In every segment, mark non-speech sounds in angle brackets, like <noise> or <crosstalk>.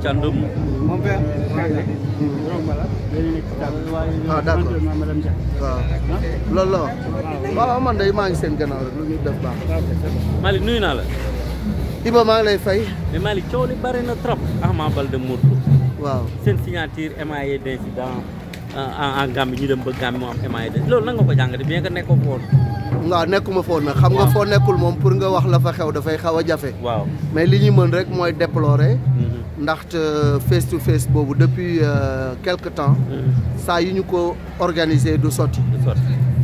Thiandoum ah d'accord waaw loolu la waaw man day maa ngi seen gannaaw rek lu ñu def baax Malick nuyu naa la Iba maa ngi lay fay mais Malick coow li bari na trop Ama Baldé Modou Lô waaw seen signature émaillé e d'incident euh, en Gambie ñu dem ba Gambie mu am émaillé e d'incident loolu nan ko jàngate bien que nekkoo foon nga nekuma fo nag xam nga fo nekul mom pour nga wax la fa xew da fay xawa jafé waaw mais li ñu mën rek moy déplorer mm-hmm. ndax euh, face to face bobu depuis euh, quelque temps ça mm-hmm. yu ñu ko organiser du sotti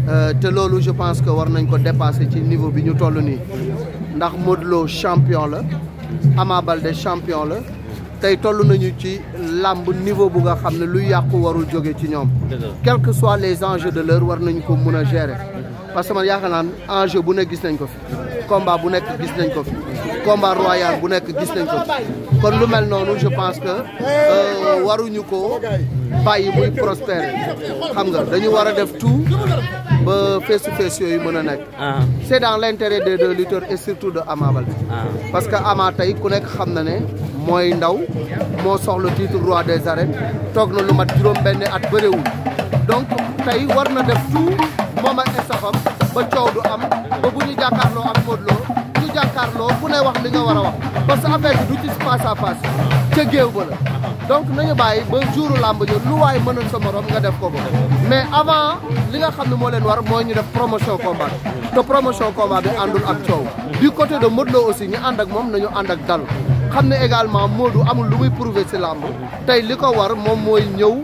euh, te lolu je pense que war nañ ko dépasser ci niveau bi ñu tollu ni ndax modlo champion la Ama Baldé champion la mm-hmm. tay tollu nañu ci lamb niveau bu nga xam ne luy yàqu warul jóge ci ñom quel que soit les enjeux de l'heure war nañ ko mëna gérer parce que man yaakaar enjeu bu nekk gis nañ ko fi combat bu nekk gis nañ ko fi combat royal bu nekk gis nañ ko fi kon lu mel noonu je pense que euh, waruñu ko bayyi muy prospérer xam nga dañu wara def tout ba face to face yooyu mën ah. c'est dans l'intérêt des deux lutteurs et surtout de amabal ah. parce que Ama tay ku nekk xam na ne moy ndaw mo soxlo titre roi des arènes tok na lu mat juróom-benn at bëriwul donc tay war na def tout moma boppam ba coow du am ba bu ñu jàkkaarloo ak Modou Lo ñu jàkkaarloo ku ne wax li nga war a wax parce que affaire bi du ci face à face ca géew ba la donc nañu bàyyi ba jouru làmb jo lu waay mënoon sa morom nga def ko ko mais avant li nga xam ne moo leen war mooy ñu def promotion combat te promotion combat bi àndul ak coow du côté de Modou Lo aussi ñu ànd ak moom nañu ànd ak dal xam également Modou amul lu muy prouver ci làmb tey li ko war moom mooy ñëw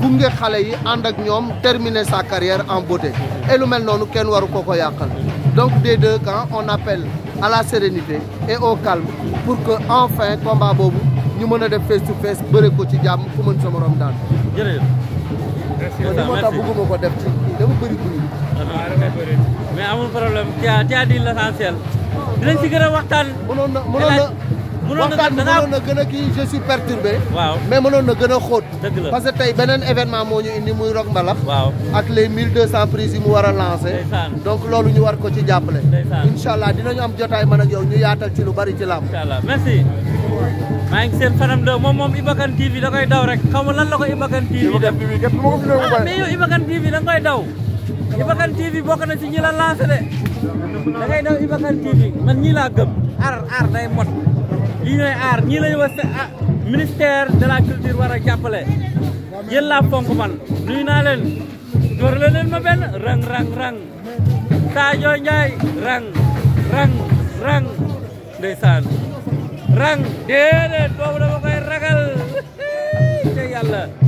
gunge xale yi and ak ñom terminer sa carrière en beauté et lu mel nonu kenn waru koko yakal donc des deux camps on appelle à la sérénité et au calme pour que enfin combat bobu ñu mën def face to face bëre ko ci jamm fu mën sama rom daal. jërëjëf. merci beaucoup moo bëgguma ko def ci dama bëri bëri. Ah, mais amul problème tu as dit l'essentiel. dinañ ci gëna waxtaan. waxtaan bi na gën a kii je suis perturbé waaw mais na gën a xóot parce que tey beneen événement moo ñu indi muy Rock Mbalax waaw mille deux cent prises yi mu war a lancé donc loolu ñu war ko ci jàppale incha allah dinañu am jotaay man ak yow ñu yaatal ci lu bari ci làmb incha allah merci maa ngi seen fanam de moom moom i Kane TV da koy daw rek xaw ma lan la ko Iba Kane TV def ah mais da nga koy daw Iba Kane TV bokk na ci ñi la lancé de da ngay daw Iba Kane TV man ñii laa gëm ar ar day mot lii ñooy aar ñii lañu wax ah, ministère de la culture war a jàppale yéen laa man nuyu naa leen door la leen ma benn rang rang rang Sadio Ndiaye rang rang rang ndeysaan rang déedéet boobu dama koy ragal <laughs> te yàlla